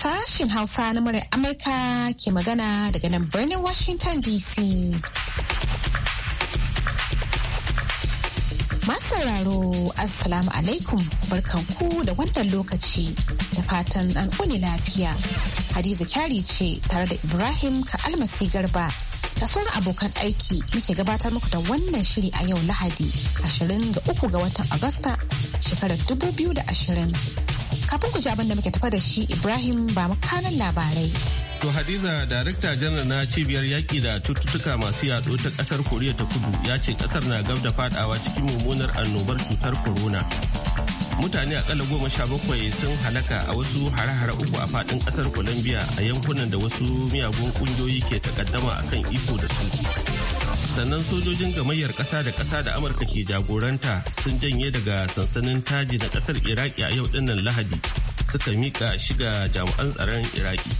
sashin Hausa na murin Amurka ke magana daga nan birnin Washington DC. Masu sauraro Assalamu alaikum barkanku da wannan lokaci da fatan an kuni lafiya. Hadiza kyari ce tare da Ibrahim ka almasi garba. da sauran abokan aiki muke gabatar muku da wannan shiri a yau lahadi 23 ga watan agusta shekarar 2020 Kafin ku ji abin da muke tafa da shi Ibrahim ba makanan labarai. To Hadiza, Darakta Janar na Cibiyar Yaƙi da Cututtuka masu yaɗo ta ƙasar Koriya ta Kudu ya ce ƙasar na gab da fadawa cikin mummunar annobar cutar corona. Mutane akalla goma sha bakwai sun halaka a wasu hare-hare uku a faɗin ƙasar Colombia a yankunan da wasu miyagun ƙungiyoyi ke takaddama akan iko da su. sannan sojojin gamayyar ƙasa da ƙasa da amurka ke jagoranta sun janye daga sansanin taji na ƙasar iraki a yau dinnan lahadi suka miƙa shiga jami'an tsaron iraki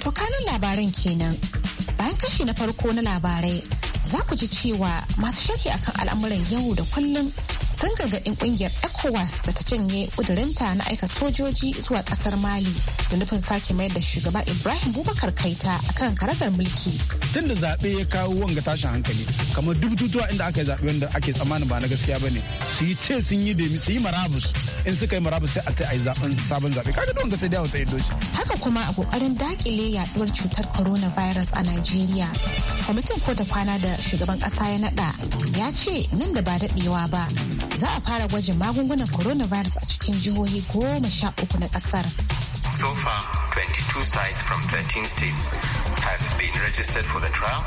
to kanan labaran kenan bayan kashi na farko na labarai za ku ji cewa masu shaki akan al'amuran yau da kullum sun gargaɗin ƙungiyar ecowas da ta janye ƙudurinta na aika sojoji zuwa ƙasar mali da nufin sake mayar da shugaba ibrahim bubakar kaita akan karagar mulki tun da zaɓe ya kawo wanga tashin hankali kamar duk tutuwa inda aka yi zaɓe wanda ake tsammanin ba na gaskiya ba ne su yi ce sun yi demi su yi marabus in suka yi marabus sai a kai a yi zaɓen sabon zaɓe kaga don ga sai dawo ta doshi haka kuma a ƙoƙarin daƙile yaɗuwar cutar coronavirus a nigeria kwamitin ko da kwana da shugaban ƙasa ya naɗa ya ce nan da ba daɗewa ba za a fara gwajin magungunan coronavirus a cikin jihohi goma sha uku na kasar. So far, 22 sites from 13 states have been registered for the trial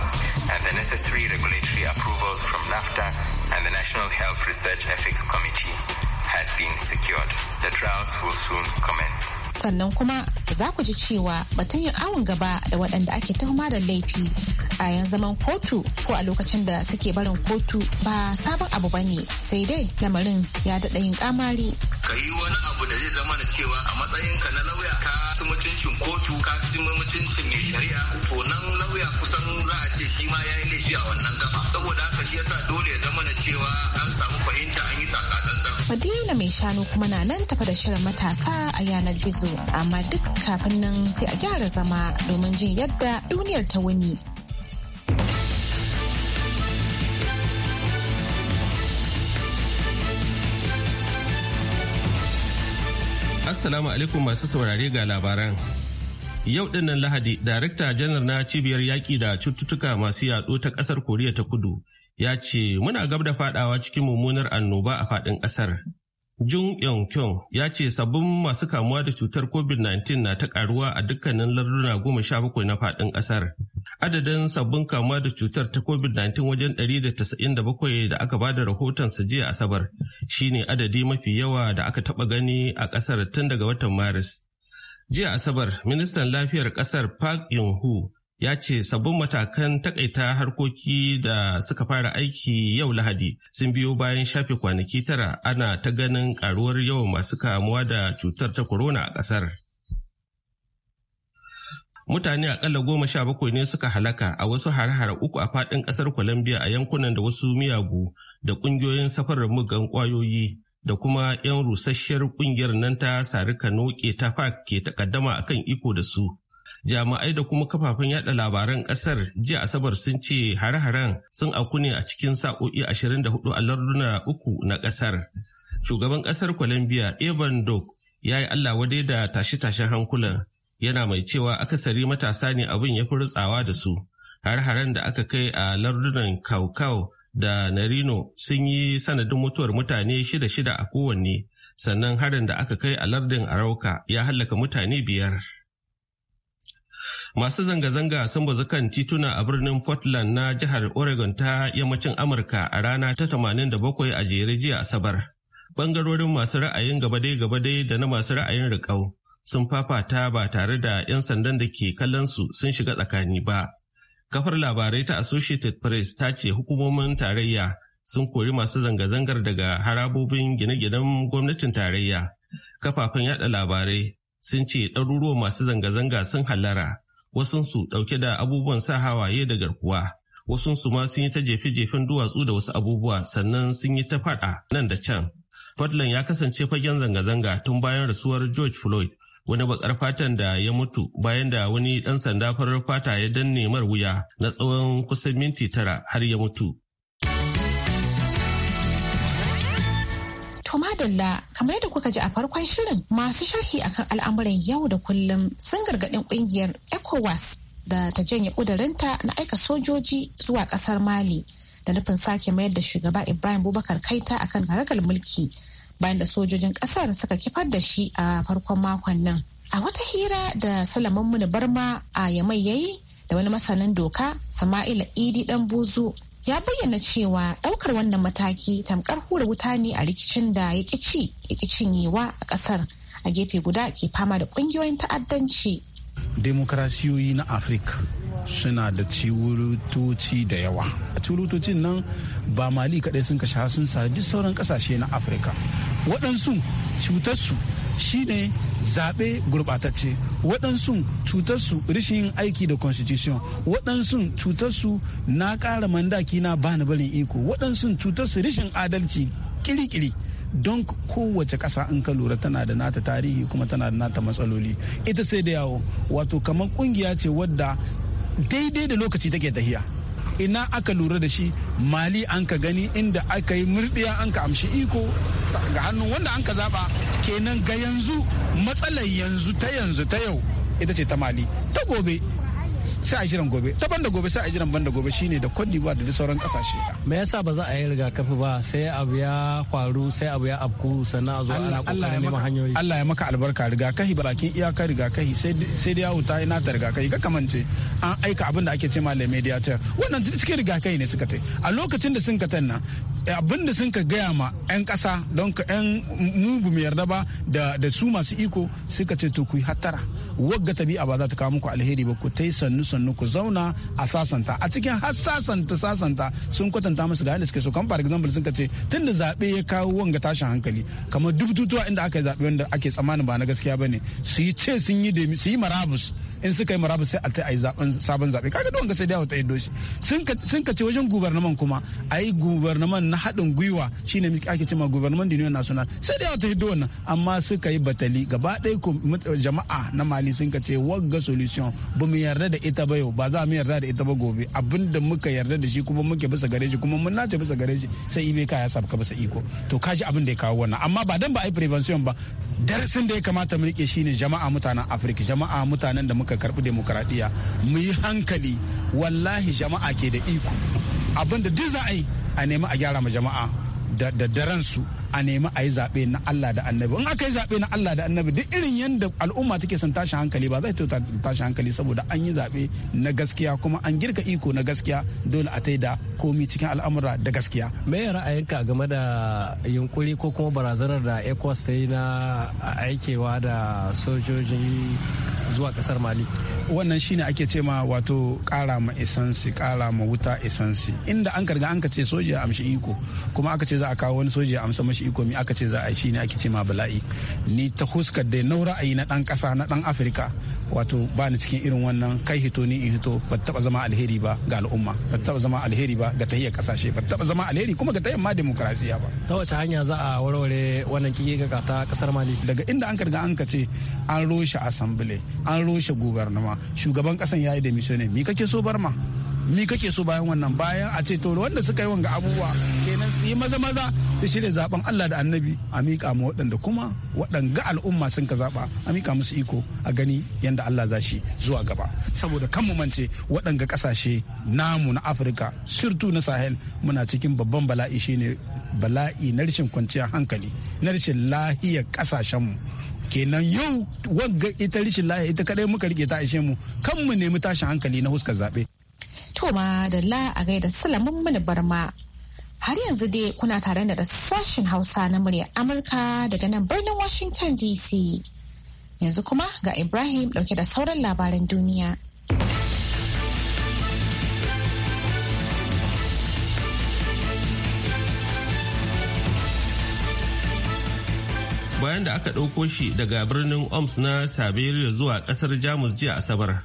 and the necessary regulatory approvals from NAFTA and the National Health Research Ethics Committee has been secured. The trials will soon commence. Sannan kuma za ku ji cewa batun yin awon gaba da waɗanda ake tuhuma da laifi a zaman kotu ko a lokacin da suke barin kotu ba sabon abu bane sai dai lamarin ya daɗa yin kamari ka yi wani abu da zai zama da cewa a matsayinka na lauya ka ci mutuncin kotu ka ci mutuncin mai shari'a to nan lauya kusan za a ce shi ma ya yi laifi a wannan gaba saboda haka shi yasa dole ya zama da cewa an samu fahimta an yi tsakatsantsan. Madina mai shanu kuma na nan tafa da shirin matasa a yanar gizo amma duk kafin nan sai a gyara zama domin jin yadda duniyar ta wuni. Assalamu alaikum masu saurare ga labaran. Yau dinnan Lahadi, Darakta janar na cibiyar yaƙi da cututtuka masu yaɗo ta ƙasar Koriya ta Kudu ya ce muna gab da faɗawa cikin mummunar annoba a faɗin ƙasar Jun yong Kyung ya ce sabbin masu kamuwa da cutar COVID-19 na ta karuwa a dukkanin larduna goma sha bakwai na faɗin ƙasar. Adadin sabbin kamuwa da cutar ta COVID-19 wajen 197 da aka ba da rahoton su jiya Asabar shine adadi mafi yawa da aka taɓa gani a ƙasar tun daga watan Maris. Jiya Asabar, ministan lafiyar ƙasar Park Yong-hu ya ce sabbin matakan takaita harkoki da suka fara aiki yau lahadi sun biyo bayan shafe kwanaki tara ana ta ganin karuwar yawan masu kamuwa da cutar ta corona a kasar mutane akalla goma sha bakwai ne suka halaka a wasu har uku a fadin kasar colombia a yankunan da wasu miyagu da kungiyoyin safarar mugan kwayoyi da kuma 'yan rusasshiyar kungiyar nan ta sarika noke ta ke takaddama akan iko da su jami'ai da kuma kafafen yada labaran kasar jiya asabar sun ce hare-haren sun aku ne a cikin sa'o'i 24 a larduna uku na kasar shugaban kasar colombia evan dok ya yi allah wadai da tashe-tashen hankulan yana mai cewa akasari matasa ne abin ya fi rutsawa da su har-haren da aka kai a lardunan kaukau da narino sun yi sanadin mutuwar mutane shida-shida a kowanne sannan harin da aka kai a lardin arauka ya hallaka mutane biyar. Masu zanga-zanga sun bazu kan tituna a birnin Portland na jihar Oregon ta yammacin Amurka a rana ta 87 a jere jiya Asabar. Bangarorin masu ra'ayin gabadai-gabadai da na masu ra'ayin rikau sun fafata ba tare da 'yan sandan da ke kallon su sun shiga tsakani ba. Kafar labarai ta Associated Press ta ce hukumomin tarayya sun kori masu zanga-zangar daga harabobin gine-ginen gwamnatin tarayya. Kafafen yada labarai sun ce ɗaruruwan masu zanga-zanga sun hallara wasunsu ɗauke da abubuwan sa hawaye da garkuwa wasunsu ma sun yi ta jefe-jefen duwatsu da wasu abubuwa sannan sun yi ta fada nan da can fadlan ya kasance fagen zanga-zanga tun bayan rasuwar George Floyd wani bakar fatan da ya mutu bayan da wani ɗan sanda farar fata ya danne mar wuya na tsawon kusan minti tara har ya mutu. Abdulla kamar yadda kuka ji a farkon shirin masu sharhi akan al'amuran yau da kullum sun gargaɗin ƙungiyar ECOWAS da ta janye ƙudurinta na aika sojoji zuwa ƙasar Mali da nufin sake mayar da shugaba Ibrahim Bubakar Kaita akan haragar mulki bayan da sojojin ƙasar suka kifar da shi a farkon makon nan. A wata hira da Salaman Muni Barma a Yamai yayi da wani masanin doka Sama'ila Idi Dan Buzu ya bayyana cewa ɗaukar wannan mataki tamkar hura wuta ne a rikicin da ya ci ya cinyewa a ƙasar a gefe guda ke fama da ƙungiyoyin ta'addanci. demokrasiyoyi na Afirka suna da ciwurutoci da yawa. a Ciwurutocin nan ba Mali kaɗai sun kashe sun sadi sauran ƙasashe na Afirka. Waɗansu cutarsu shine zaɓe gurɓatacce waɗansu cutarsu rishin aiki da constitution waɗansu cutarsu na ƙara mandaki na bani barin iko waɗansu cutarsu rishin adalci kirikiri don kowace ƙasa in ka lura tana da nata tarihi kuma tana da nata matsaloli ita sai da yawo wato kamar ƙungiya ce wadda daidai da lokaci take tahiya ina aka lura da shi mali an ka gani inda aka yi murdiya an ka amshi iko ga hannun wanda an ka zaba kenan ga yanzu matsalar yanzu ta yanzu ta yau ita ce ta mali ta gobe sai a jiran gobe ta banda gobe sai a jiran banda gobe shine da Cote d'Ivoire da sauran kasashe me yasa ba za a yi rigakafi ba sai abu ya faru sai abu ya afku sannan a zo ana kokarin neman hanyoyi Allah ya maka albarka rigakafi bakin iyaka rigakafi sai da yawo ta yi nata rigakafi ka kamance an aika abin da ake ce ma mediator wannan cikin rigakafi ne suka tai a lokacin da sun ka tanna eh, abin da sun ka gaya ma 'yan kasa don ka 'yan mugu mai yarda ba da su masu iko suka ce to ku yi hattara wagga tabi'a ba za ta kawo muku alheri ba ku Taisan. sannu sannu ku zauna a sasanta a cikin har sasanta sasanta sun kwatanta musu ga suke so kamar for example sun ce tun da zaɓe ya kawo wanga tashin hankali kamar duk tutuwa inda aka yi zaɓe wanda ake tsammanin ba na gaskiya ba ne su yi ce sun yi su yi marabus in suka yi marabu sai a ta yi sabon zaɓe kaga don ga sai dawo ta yi doshi sun ka ka ce wajen gubernaman kuma a yi gubernaman na haɗin gwiwa shine ake cewa gubernaman da union national sai dawo ta yi wannan amma suka yi batali gaba ɗaya jama'a na mali sun ka ce wagga solution ba mu yarda da ita ba yau ba za mu yarda da ita ba gobe abinda muka yarda da shi kuma muke bisa gare shi kuma mun nace bisa gare shi sai ibe ka ya sabka bisa iko to kaji abin da ya kawo wannan amma ba dan ba a yi prevention ba darasin da ya kamata mu rike shine jama'a mutanen afirka jama'a mutanen da muka karbi demokaradiyya mu yi hankali wallahi jama'a ke da iko abinda duk za a yi a nemi a gyara ma jama'a da daransu. su a nemi a yi zaɓe na Allah da annabi in aka yi zaɓe na Allah da annabi duk irin yadda al'umma take son tashi hankali ba zai tashi hankali saboda an yi zaɓe na gaskiya kuma an girka iko na gaskiya dole a da komi cikin al'amura da gaskiya. me ra'ayinka game da yunkuri ko kuma barazanar da ecos ta yi na aikewa da sojojin zuwa kasar mali wannan shine ake ce ma wato kara ma isansi kara ma wuta isansi inda an karga an ka ce soja amshi iko kuma aka ce za a kawo wani soja amsa mashi iko mi aka ce za a shine ake ce ma bala'i ni ta huskar da na ra'ayi na dan kasa na dan afirka wato ba ni cikin irin wannan kai hito ni in hito ba taba zama alheri ba ga al'umma ba taba zama alheri ba ga tahiyyar kasashe ba taba zama alheri kuma ga tahiyyar ma demokrasiya ba ta wace hanya za a warware wannan ga ta kasar mali daga inda an karga an kace an roshe asambile an roshe gubernama shugaban kasan yayi da ne mi kake so barma mi kake so bayan wannan bayan a ce to wanda suka yi wanga abubuwa nan su yi maza maza shi shirya zaben Allah da annabi a miƙa mu waɗanda kuma waɗanga al'umma sun ka zaɓa a miƙa musu iko a gani yadda Allah za shi zuwa gaba saboda kan mu mance waɗanga ƙasashe namu na Afirka surtu na Sahel muna cikin babban bala'i shi ne bala'i na rashin kwanciyar hankali na rashin lahiyar ƙasashenmu kenan yau wagga ita rashin lahiya ita kadai muka rike ta ishe mu kan mu nemi tashin hankali na huskar zaɓe. To ma da la a gaida salamin mana barma har yanzu dai kuna tare da sashen Hausa na murya Amurka daga nan birnin Washington DC. Yanzu kuma ga Ibrahim dauke da sauran labaran duniya. Bayan da aka ɗauko shi daga birnin Oms na Siberia zuwa ƙasar Jamus jiya Asabar,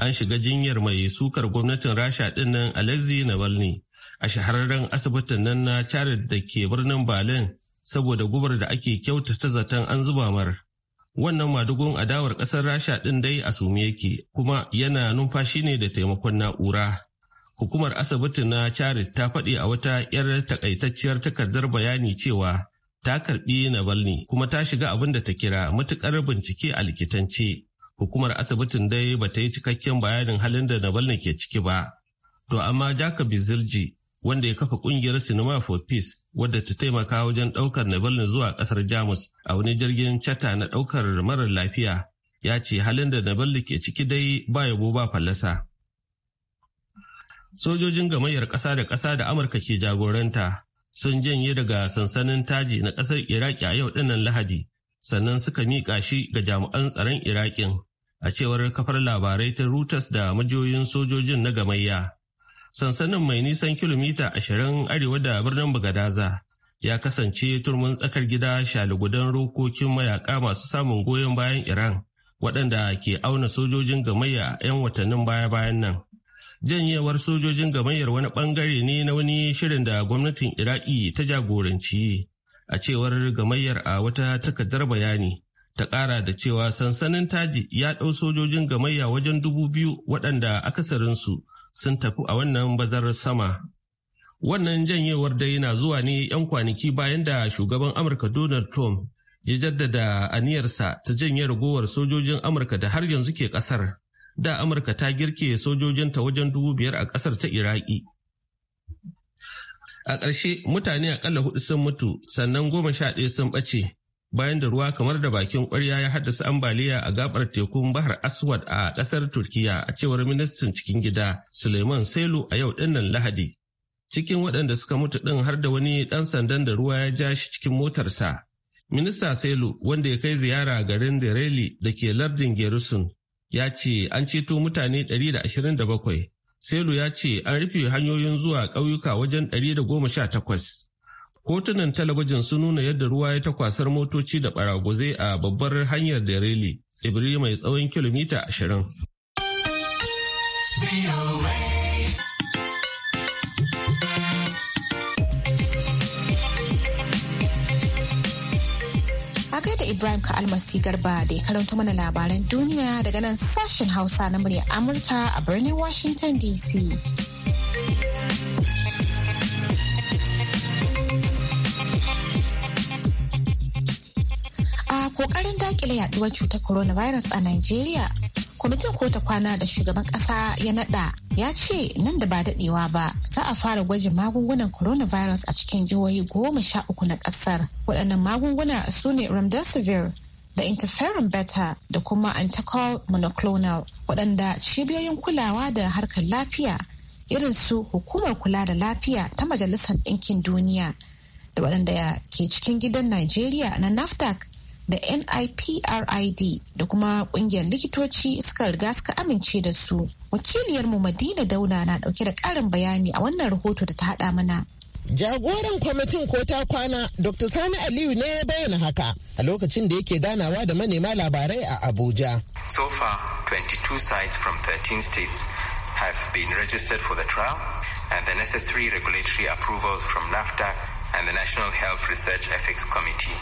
an shiga jinyar mai sukar gwamnatin Rasha ɗinnan Alexei Navalny. a shahararren asibitin nan na Charles da ke birnin Berlin saboda gubar da ake kyautata zaton an zuba mar. Wannan madugun adawar ƙasar Rasha ɗin dai a sume yake kuma yana numfashi ne da taimakon na'ura. Hukumar asibitin na Charles ta faɗi a wata 'yar takaitacciyar takardar bayani cewa ta karɓi Navalny kuma ta shiga abin da ta kira matuƙar bincike a likitance. Hukumar asibitin dai ba ta yi cikakken bayanin halin da Navalny ke ciki ba. To amma Jacob Zilji wanda ya kafa kungiyar Cinema for Peace wadda ta taimaka wajen daukar Navalny zuwa ƙasar Jamus a wani jirgin chata na ɗaukar marar lafiya ya ce halin da Navalny ke ciki dai ba yabo ba fallasa. Sojojin gamayyar ƙasa da ƙasa da Amurka ke jagoranta sun janye daga sansanin taji na ƙasar Iraki a yau dinnan Lahadi sannan suka miƙa shi ga jami'an tsaron Iraƙin a cewar kafar labarai ta Reuters da majiyoyin sojojin na gamayya. sansanin mai nisan kilomita ashirin arewa da birnin bagadaza ya kasance turmin tsakar gida shaligudan rokokin mayaka masu samun goyon bayan iran waɗanda ke auna sojojin gamayya 'yan watannin baya-bayan nan janyewar sojojin gamayyar wani ɓangare ne na wani shirin da gwamnatin iraki ta jagoranci a cewar gamayyar a wata takardar bayani ta ƙara da cewa sansanin taji ya ɗau sojojin gamayya wajen dubu biyu waɗanda akasarinsu sun tafi a wannan bazar sama. Wannan janyewar dai na zuwa ne 'yan kwanaki bayan da shugaban Amurka Donald Trump ya jaddada aniyarsa ta janye ragowar sojojin Amurka da har yanzu ke ƙasar. Da Amurka ta girke sojojinta wajen dubu biyar a ƙasar ta Iraki. A ƙarshe mutane akalla hudu sun mutu sannan goma sha ɗaya sun ɓace bayan da ruwa kamar da bakin kwarya ya haddasa ambaliya a gabar tekun bahar aswad a kasar turkiya a cewar ministan cikin gida suleiman selu a yau dinnan lahadi cikin waɗanda suka mutu ɗin har da wani ɗan sandan da ruwa ya ja shi cikin motarsa minista selu wanda ya kai ziyara garin dereli da ke lardin gerusun ya ce an ceto mutane 127 selu ya ce an rufe hanyoyin zuwa ƙauyuka wajen 118 hotunan talabijin sun nuna yadda ruwa ya takwasar motoci da ɓaraguzai a babbar hanyar da reli tsibiri mai tsawon kilomita ashirin. da Ibrahim ka almasi garba da ya karanta mana labaran duniya daga nan sashen Hausa na muryar Amurka a birnin Washington DC. kokarin dakile yaduwar cutar coronavirus a Najeriya. Kwamitin ta kwana da shugaban kasa ya nada ya ce nan da ba dadewa ba za a fara gwajin magungunan coronavirus a cikin jihohi goma sha uku na kasar. Waɗannan magunguna su ne remdesivir da interferon beta da kuma antacol monoclonal waɗanda cibiyoyin kulawa da harkar lafiya irin su hukumar kula da lafiya ta majalisar ɗinkin duniya da waɗanda ke cikin gidan Najeriya na NAFDAC da NIPRID da kuma kungiyar likitoci suka riga suka amince da su. Wakiliyarmu Madina Dauna na dauke da karin bayani a wannan rahoto da ta haɗa mana. Jagoran kwamitin ko ta kwana Dr. Sani Aliyu ne ya bayyana haka a lokacin da yake ganawa da manema labarai a Abuja. So far, 22 sites from 13 states have been registered for the trial and the necessary regulatory approvals from NAFDAC and the National Health Research Ethics Committee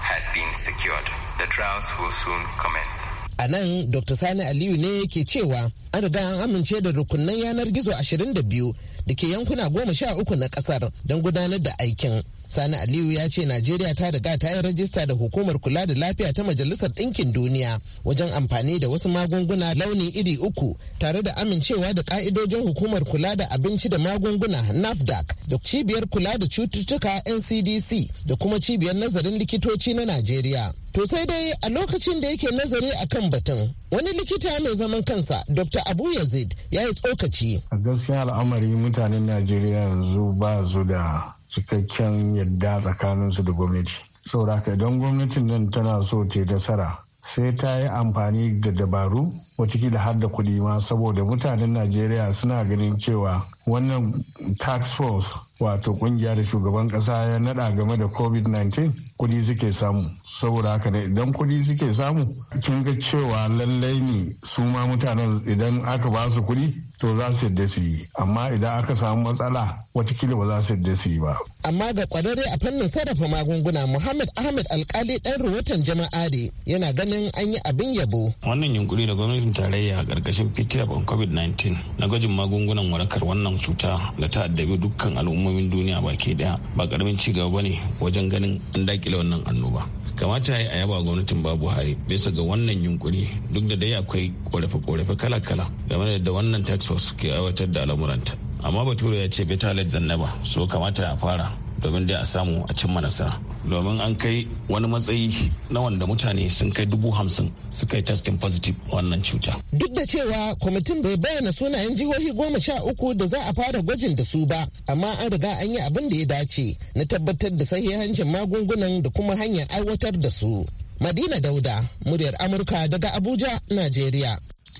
has been secured. The trials will soon commence. A nan Dr. Sani Aliyu ne ke cewa an riga an amince da rukunan yanar gizo 22 da ke yankuna 13 na kasar don gudanar da aikin. Sani Aliyu ya ce Najeriya ta riga ta yi rajista da hukumar kula da lafiya ta Majalisar Ɗinkin Duniya wajen amfani da wasu magunguna launi iri uku tare da amincewa da ka'idojin hukumar kula da abinci da magunguna NAFDAC da cibiyar kula da cututtuka NCDC da kuma cibiyar nazarin likitoci na Najeriya. To sai dai a lokacin da yake nazari a kan batun wani likita mai zaman kansa Dr. Abu Yazid ya yi tsokaci. A gaskiya al'amari mutanen Najeriya yanzu ba su da cikakken yadda tsakaninsu da gwamnati saboda idan gwamnatin nan tana so ce nasara sai ta yi amfani da dabaru watakila har da kuɗi ma saboda mutanen najeriya suna ganin cewa wannan tax force wato kungiya da shugaban ƙasa ya nada game da covid-19 kuɗi suke samu saboda haka ne idan kuɗi suke samu kin ga cewa lallai ne su ma mutanen idan aka ba su kuɗi to za su yadda su yi amma idan aka samu matsala watakila ba za su yadda su yi ba amma ga kwararre a fannin sarrafa magunguna muhammad ahmed alkali dan ruwatan jama'a ne yana ganin an yi abin yabo wannan yunkuri da gwamnatin tarayya a karkashin ptf on covid-19 na gwajin magungunan warakar wannan cuta da ta addabi dukkan al'ummomin duniya baki daya ba karamin ci gaba ne wajen ganin an dakile wannan annoba kamata ya yi a yaba gwamnatin babu hari bisa ga wannan yunkuri duk da dai akwai ƙorafe korafe kala-kala game da wannan tax force ke aiwatar da al'amuranta amma bature ya ce beta da na ba so kamata ya fara domin dai a samu a cimma nasara domin an kai wani matsayi na wanda mutane sun kai dubu hamsin suka yi testing positive wannan cuta duk da cewa kwamitin bai bayyana sunayen jihohi goma sha uku da za a fara gwajin da su ba amma an riga an yi abin da ya dace na tabbatar da sahihancin magungunan da kuma hanyar aiwatar da su madina dauda muryar amurka daga abuja najeriya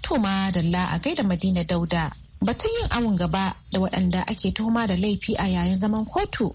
to ma dalla a gaida madina dauda batun yin awon gaba da waɗanda ake tuhuma da laifi a yayin zaman kotu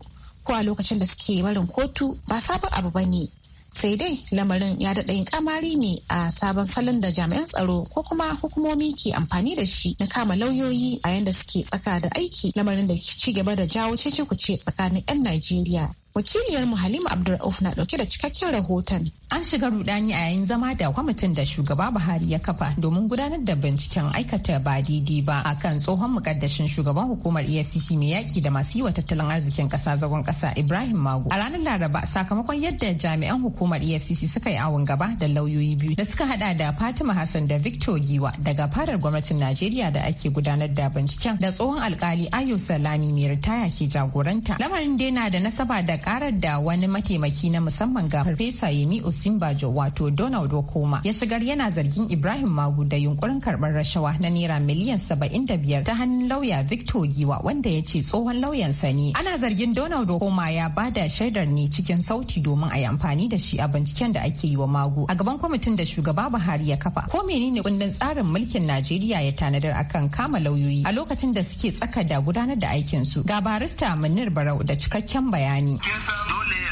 ko a lokacin da suke barin kotu ba sabon abu ba ne sai dai lamarin ya daɗa yin kamari ne a sabon salon da jami'an tsaro ko kuma hukumomi ke amfani da shi na kama lauyoyi a yanda suke tsaka da aiki lamarin da ci gaba da jawo cece ce tsakanin 'yan najeriya wakiliyar mu halima abdulrauf na ɗauke da cikakken rahoton An shiga rudani a yayin zama da kwamitin da shugaba Buhari ya kafa domin gudanar da binciken aikata ba daidai ba a kan tsohon mukaddashin shugaban hukumar EFCC mai yaki da masu yi wa tattalin arzikin kasa zagon kasa Ibrahim Mago. A ranar Laraba sakamakon yadda jami'an hukumar EFCC suka yi awon gaba da lauyoyi biyu da suka hada da Fatima Hassan da Victor Giwa daga fadar gwamnatin Najeriya da ake gudanar da binciken da tsohon alkali Ayo Salami mai ritaya ke jagoranta. Lamarin dai na da nasaba da karar da wani mataimaki na musamman ga Farfesa Yemi Osinbajo wato Donald Okoma ya shigar yana zargin Ibrahim Magu da yunkurin karbar rashawa na naira miliyan saba'in da biyar ta hannun lauya Victor Giwa wanda ya ce tsohon lauyansa ne. Ana zargin Donald Okoma ya ba da shaidar ne cikin sauti domin a yi amfani da shi a binciken da ake yi wa Magu a gaban kwamitin da shugaba Buhari ya kafa. Ko menene kundin tsarin mulkin Najeriya ya tanadar akan kama lauyoyi a lokacin da suke tsaka da gudanar da aikinsu. Ga barista Munir Barau da cikakken bayani. Kin san dole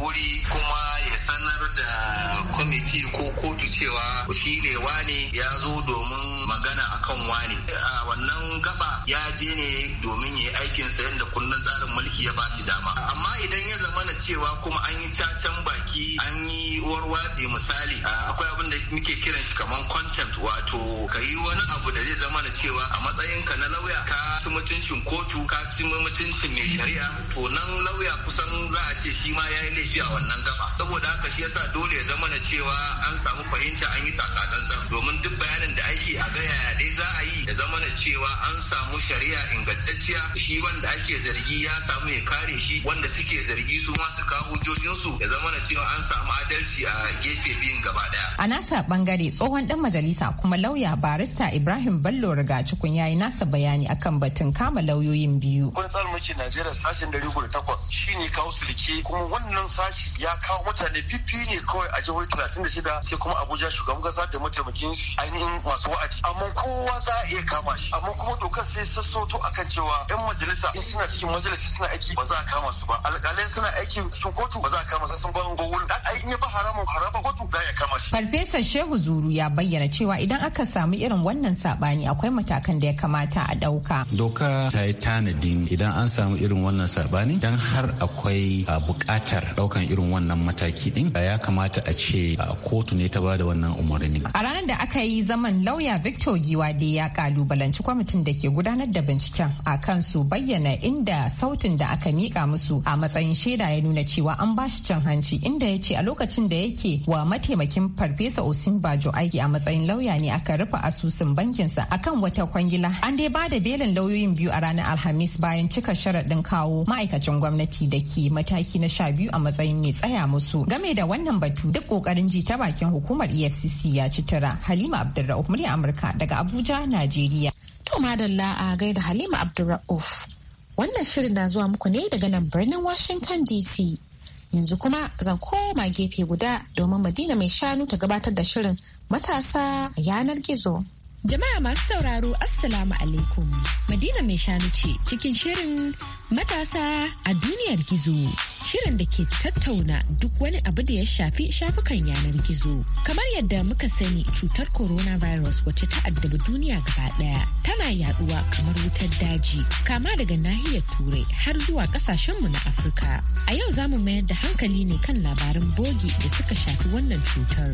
wuri kuma da kwamiti ko kotu cewa shi ne wane ya zo domin magana akan wane a wannan gaba ya je ne domin ya yi aikin sayan yadda kundin tsarin mulki ya ba shi dama amma idan ya zama na cewa kuma an yi cacan baki an yi warwatse misali akwai abin da muke kiran shi kamar content wato ka yi wani abu da zai zama na cewa a matsayin ka na lauya ka ci mutuncin kotu ka ci mutuncin mai shari'a to nan lauya kusan za a ce shi ma ya yi laifi a wannan gaba saboda haka shi yasa dole ya zama na cewa an samu fahimta an yi takatsantsan domin duk bayanin da ake a ga yaya dai za a yi ya zama na cewa an samu shari'a ingantacciya shi wanda ake zargi ya samu ya kare shi wanda suke zargi su ma su kawo hujjojinsu ya zama na cewa an samu adalci a gefe biyun gaba ɗaya. A nasa bangare tsohon dan majalisa kuma lauya barista Ibrahim ballo rigacikun ya yi nasa bayani akan batun kama lauyoyin biyu. Kun tsar miki Najeriya sashen takwas. ne kawo silke kuma wannan sashi ya kawo mutane fifi ne kawai a jihohi talatin da shida sai kuma abuja shugaban kasa da mataimakin shi ainihin masu wa'adi amma kowa za a iya kama shi amma kuma dokar sai a akan cewa yan majalisa in suna cikin majalisa suna aiki ba za a kama su ba alƙalai suna aiki cikin kotu ba za a kama su sun ban gowul dan ai in ya ba haramun haraba kotu za a kama shi farfesa shehu zuru ya bayyana cewa idan aka samu irin wannan sabani akwai matakan da ya kamata a ɗauka. doka ta yi tanadin idan an samu irin wannan sabani dan har akwai ah, buƙatar ɗaukan irin wannan mataki ɗin ah, ya kamata a ce ah, kotu ne ta ba da wannan umarni. A ranar da aka yi zaman lauya Victor Giwade ya kalubalanci kwamitin da ke gudanar da binciken a kan su bayyana inda sautin da aka miƙa musu a matsayin shaida ya nuna cewa an ba shi can hanci inda ya ce a lokacin da yake wa mataimakin farfesa Osin Bajo aiki a matsayin lauya ne aka rufe asusun bankinsa akan wata kwangila. An dai ba da belin lauyoyin biyu a ranar Alhamis bayan cika sharaɗin kawo ma'aikacin gwamnati da ke mataki na sha biyu a matsayin mai tsaya musu game da wannan batu duk kokarin ji ta bakin hukumar efcc ya ci tara halima abdulra'uf murya amurka daga abuja najeriya to madalla a gaida halima abdulra'uf wannan shirin na zuwa muku ne daga nan birnin washington dc yanzu kuma zan koma gefe guda domin madina mai shanu ta gabatar da shirin matasa yanar gizo Jama'a masu sauraro Assalamu alaikum. Madina mai shanu ce cikin shirin matasa a duniyar gizo. shirin da ke tattauna duk wani abu da ya shafi shafukan yanar gizo. Kamar yadda muka sani cutar coronavirus wacce ta addabi duniya gaba daya tana yaduwa kamar wutar daji kama daga nahiyar turai har zuwa mu na Afirka. A yau za mu mayar da hankali ne kan labaran bogi da suka shafi wannan cutar.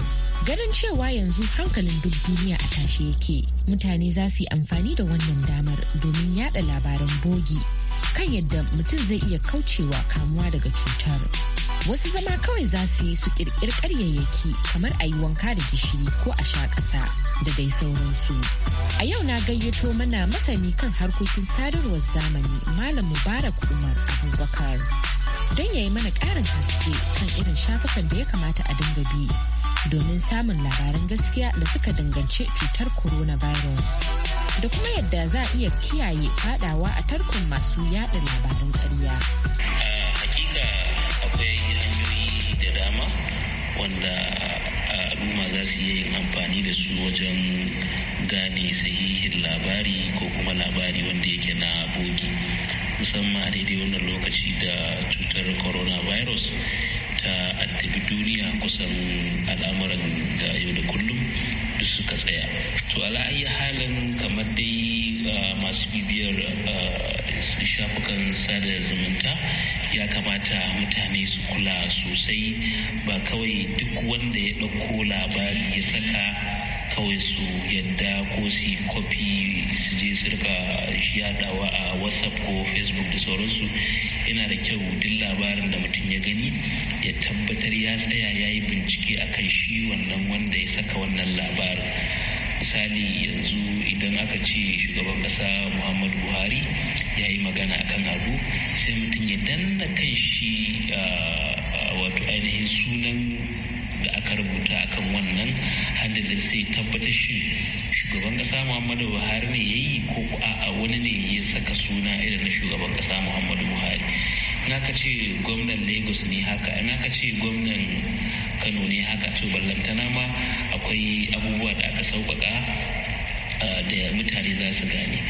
Ganin cewa yanzu hankalin duk duniya a tashi yake, mutane za su yi amfani da wannan damar domin yada labaran bogi kan yadda mutum zai iya kaucewa kamuwa daga cutar. Wasu zama kawai za su yi su kirkir karyayyaki kamar a yi wanka da gishiri ko a sha ƙasa da dai sauransu. A yau na gayyato mana masani kan harkokin sadarwar zamani Malam Mubarak Umar Abubakar. Don ya yi mana ƙarin haske kan irin shafukan da ya kamata a dinga bi domin samun labaran gaskiya da suka danganci cutar coronavirus. da kuma yadda za iya kiyaye fadawa a tarkon masu yada labaran ƙarya. Eh, hakika akwai hanyoyi da dama wanda eh, al'umma za su iya yin amfani da su wajen gane sahihin labari ko kuma labari wanda yake na bogi musamman a daidai wannan lokaci da cutar coronavirus ta addabi duniya kusan al'amuran da yau da kullum duk suka tsaya to ala'ayi halin kamar dai masu bibiyar shafukan sada zumunta ya kamata mutane su kula sosai ba kawai duk wanda ya ɗauko labari ya saka kawai su yadda ko su kofi su je su rika yadawa a whatsapp ko facebook da sauransu yana da kyau duk labarin da mutum ya gani ya tabbatar ya tsaya ya yi bincike a kan shi wannan wanda ya saka wannan labarin misali yanzu idan aka ce shugaban kasa muhammadu buhari ya yi magana a kan abu sai mutum ya danna kan shi ah, wato ainihin sunan da aka rubuta akan wannan da sai tabbatar shi shugaban kasa muhammadu buhari ne ya yi ko a wani ne ya saka suna irin na shugaban kasa muhammadu buhari na ka ce gwamnan lagos ne haka na ka ce gwamnan kano ne haka to ballantana ma akwai abubuwa da aka sauƙaƙa eh, da mutane za su gane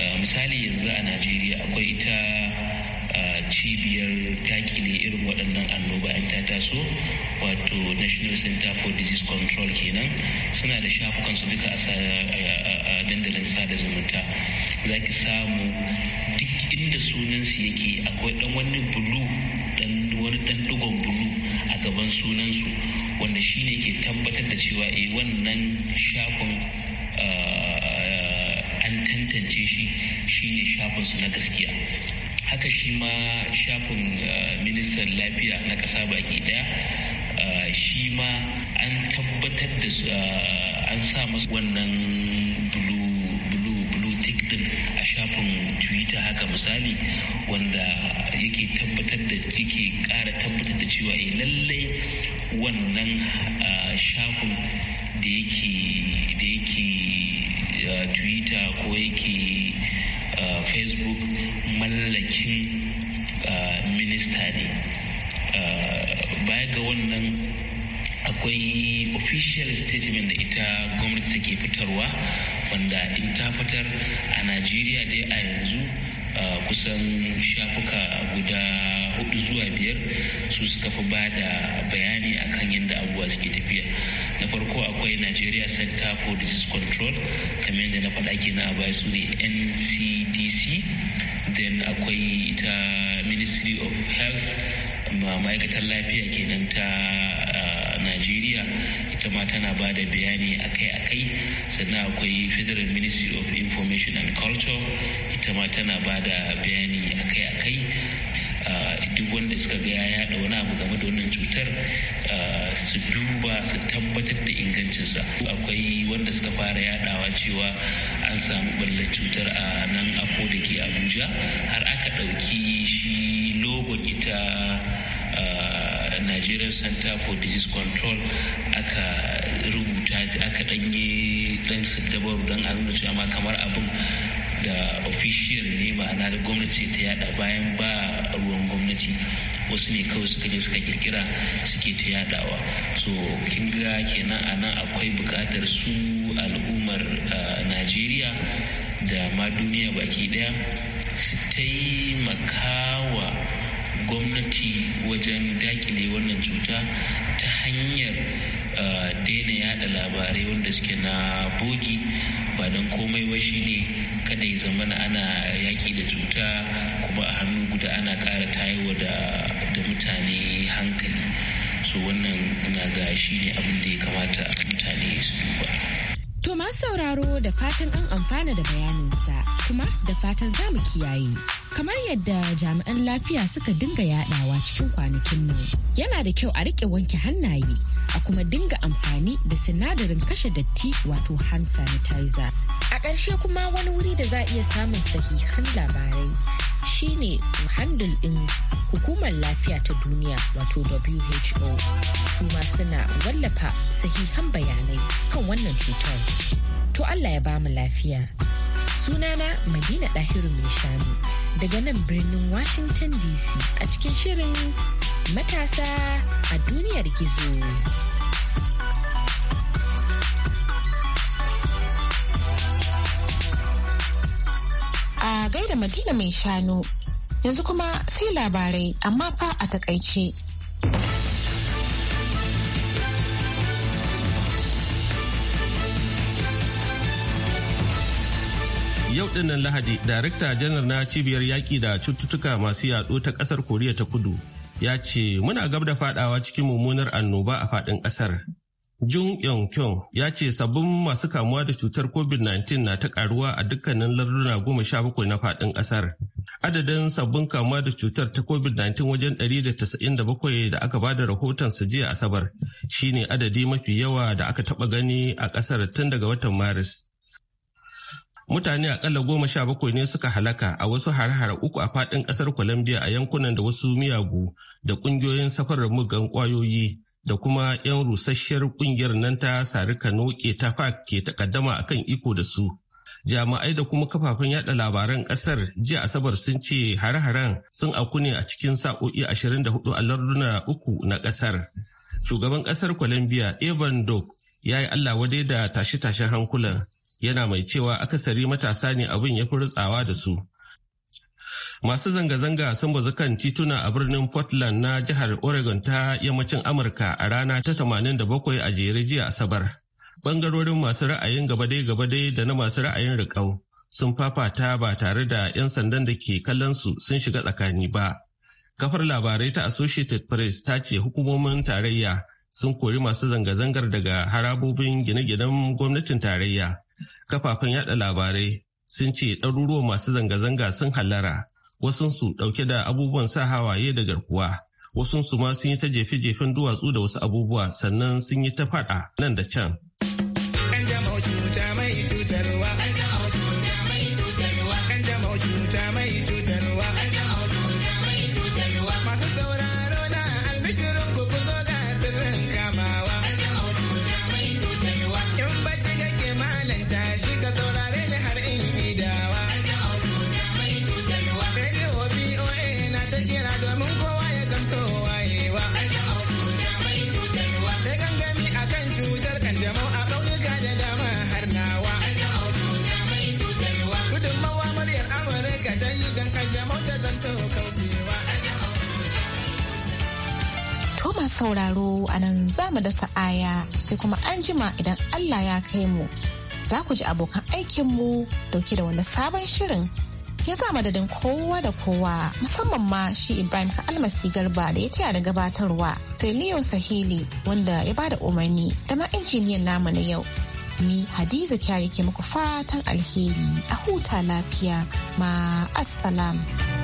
eh, misali yanzu a najeriya akwai ita cibiyar dakile irin waɗannan annoba an ta taso wato national center for disease control kenan suna da shafukan su duka a dandalin sada zumunta za ki samu duk inda sunansu yake akwai dan wani bulu dan wani dan dugon bulu a gaban sunansu wanda shi ne ke tabbatar da cewa eh wannan shafin ah, an tantance shi shine su na gaskiya haka shi ma shafin eh, ministan lafiya na kasa baki daya eh, shi ma an tabbatar da eh, an sa masu wannan blue tick din a shafin twitter haka misali wanda yake tabbatar da yake ƙara tabbatar da cewa lallai wannan shafin da yake twitter ko yake facebook mallakin minista ne baya ga wannan akwai official statement da ita gwamnati take fitarwa wanda in ta fitar a najeriya dai a yanzu kusan shafuka guda hudu zuwa biyar su suka fi ba da bayani akan yadda abubuwa suke tafiya na farko akwai nigeria center for disease control kamar yadda na faɗa ke a baya su ne ncd ciki then akwai ita ministry of health ma'aikatar lafiya kenan ta ah, najeriya ita ma tana ba da bayani akai-akai sannan akwai federal ministry of information and culture ita ma tana ba da bayani akai-akai ah, duk wanda suka ga ya yada wani abu game da wannan cutar ah, su duba su tabbatar da ingancinsa akwai wanda suka fara yadawa cewa an samu ɓallar cutar a nan a da ke abuja har aka ɗauki shi logo ita nigerian center for disease control aka rubuta aka ɗanye ɗan dabaru don a nuna cewa kamar abin da official ne ma'ana da gwamnati ta yada bayan ba ruwan gwamnati wasu ne kawai suka je suka kirkira suke ta yadawa so kin ga kenan a nan akwai bukatar su al'ummar najeriya da ma duniya baki daya su taimakawa gwamnati wajen dakile wannan cuta ta hanyar daina yada labarai wanda suke na bogi ba don komai ba ne kada ya zamana ana yaki da cuta kuma a hannu guda ana ƙara tayowa da mutane hankali so wannan na ga shi ne abin da ya kamata mutane su duba to masu sauraro da fatan an amfana da bayaninsa kuma da fatan za mu kiyaye kamar yadda jami'an lafiya suka dinga yadawa cikin kwanakin nan yana da kyau a rike wanke hannaye a kuma dinga amfani da sinadarin kashe datti wato hand sanitizer a ƙarshe kuma wani wuri da za a iya samun sahihan labarai shine handle din hukumar lafiya ta duniya wato who kuma suna wallafa sahihan bayanai kan wannan cutar to allah ya bamu lafiya Sunana Madina Dahiru mai shanu daga nan birnin Washington DC a cikin shirin matasa a duniyar gizo. A gaida Madina mai shanu yanzu kuma sai labarai amma fa a takaice. yau nan lahadi darakta janar na cibiyar yaƙi da cututtuka masu yaɗo ta ƙasar koriya ta kudu ya ce muna gab da fadawa cikin mummunar annoba a faɗin ƙasar jun yong kyong ya ce sabbin masu kamuwa da cutar covid-19 na ta karuwa a dukkanin larduna goma sha bakwai na faɗin ƙasar adadin sabbin kamuwa da cutar ta covid-19 wajen 197 da da da aka bada rahoton su jiya asabar shine adadi mafi yawa da aka taɓa gani a ƙasar tun daga watan maris mutane akalla goma sha bakwai ne suka halaka a wasu hare-hare uku a fadin kasar colombia a yankunan da wasu miyagu da kungiyoyin safarar mugan kwayoyi da kuma 'yan rusasshiyar kungiyar nan ta sarika noke ta fak ke takaddama a kan iko da su jami'ai da kuma kafafen yada labaran kasar jiya asabar sun ce hare-haren sun aku ne a cikin sa'o'i 24 a larduna uku na kasar shugaban kasar colombia evan dok ya yi allah wadai da tashe-tashen hankulan yana mai cewa akasari matasa ne abin ya fi rutsawa da su. Masu zanga-zanga sun bazu kan tituna a birnin Portland na jihar Oregon ta yammacin Amurka a rana ta 87 a jere jiya Asabar. Bangarorin masu ra'ayin gabadai-gabadai da na masu ra'ayin riƙau sun fafata ba tare da 'yan sandan da ke kallon su sun shiga tsakani ba. Kafar labarai ta Associated Press ta ce hukumomin tarayya sun kori masu zanga-zangar daga harabobin gine-ginen gwamnatin tarayya. Kafafen yada labarai sun ce ɗaruruwan masu zanga-zanga sun hallara, wasunsu ɗauke da abubuwan sa hawaye da garkuwa. Wasunsu ma sun yi ta jefe-jefen duwatsu da wasu abubuwa sannan sun yi ta faɗa nan da can. mu da aya sai kuma anjima idan Allah ya kai mu. Za ku ji abokan aikinmu dauke da wani sabon shirin ya sa madadin kowa da kowa musamman ma shi Ibrahim ka Almasi Garba da ya taya da gabatarwa sai Leo Sahili wanda ya ba da umarni da ma injiniyan namu na yau. Ni Hadiza Kyari ke muku fatan alheri a huta lafiya ma assalamu